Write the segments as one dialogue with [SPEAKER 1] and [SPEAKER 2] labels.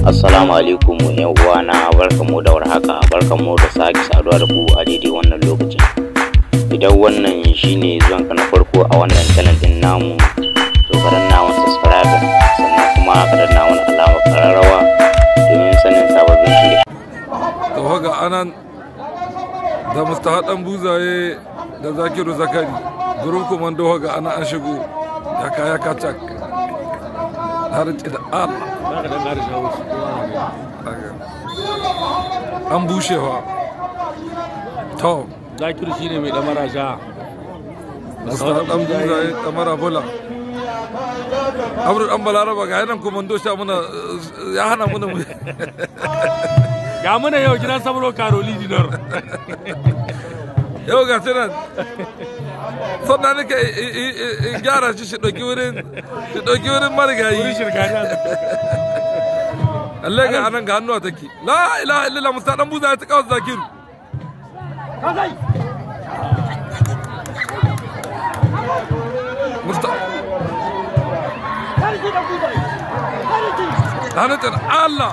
[SPEAKER 1] Assalamu alaikum yan uwana barkamu da warhaka barkamu da sake saduwa da ku a daidai wannan lokacin. Idan wannan shine zuwan ka na farko a wannan channel din namu to karan na wani subscribe sannan kuma karan na wani alama kararrawa domin sanin sababbin shi. To ga anan da mustahadan buzaye da Zakiru Zakari gurin komando ga ana an shigo ya kaya kacak har da Allah an bushewa to zakir shi ne mai damara sha musta dan ya damara bola abu dan balaraba ga yanan komando sha muna ya hana muna ga muna yau gidan sabro karoli dinar yawga sinan sannan nika gyara shi shi ɗauki wurin shi ɗauki wurin marigayi Allah ga anan ga hannuwa take la ilaha illallah musa dan buza ya ta kawo zakiru هنتن الله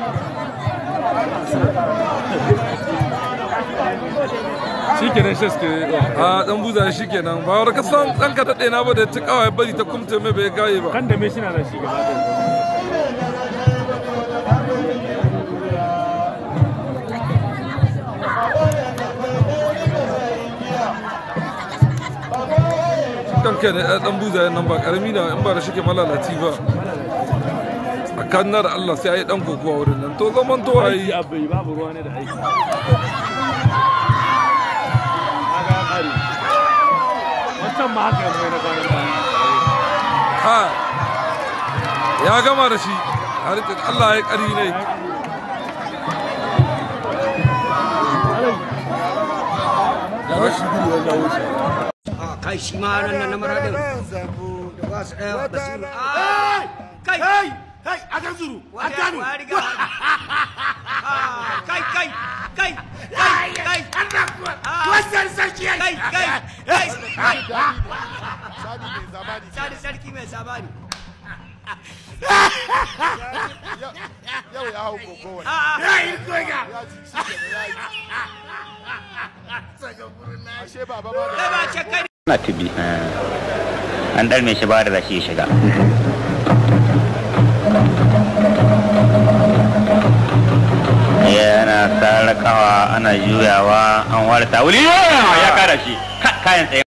[SPEAKER 1] shikenan shi suke oh. a dan buza shi kenan ba ka san dan ka daɗe na ba da ta kawai bari ta kumta mai bai gaye ba kan da me shina na da shi ga kan kai da eh, dan buza nan ba karami da in ba da shi ke malalaci ba a da Allah sai ayi dan kokowa wurin nan to zaman to ayi babu ruwa ne da aiki aga ya kare wannan ma haka mai na ha ya gama da shi har ta Allah ya kari ne ah, kai shi ma na maradin ah! kai kai Hei, a kan zuru, a gano. Kai, kai, kai, kai, kai. Allah kuwa, wasan sarki yai. Kai, kai, kai. Sadi mai zabani. Sadi sarki mai zabani. Yau ya hau kokowa. Ya yi koga. Ya ji shi ya yi. Ashe baba ba. Ba ce kai. tibi. An dalme shi ba da shi shiga. yana sarakawa ana juyawa an warta wuli ya shi kayan tsaye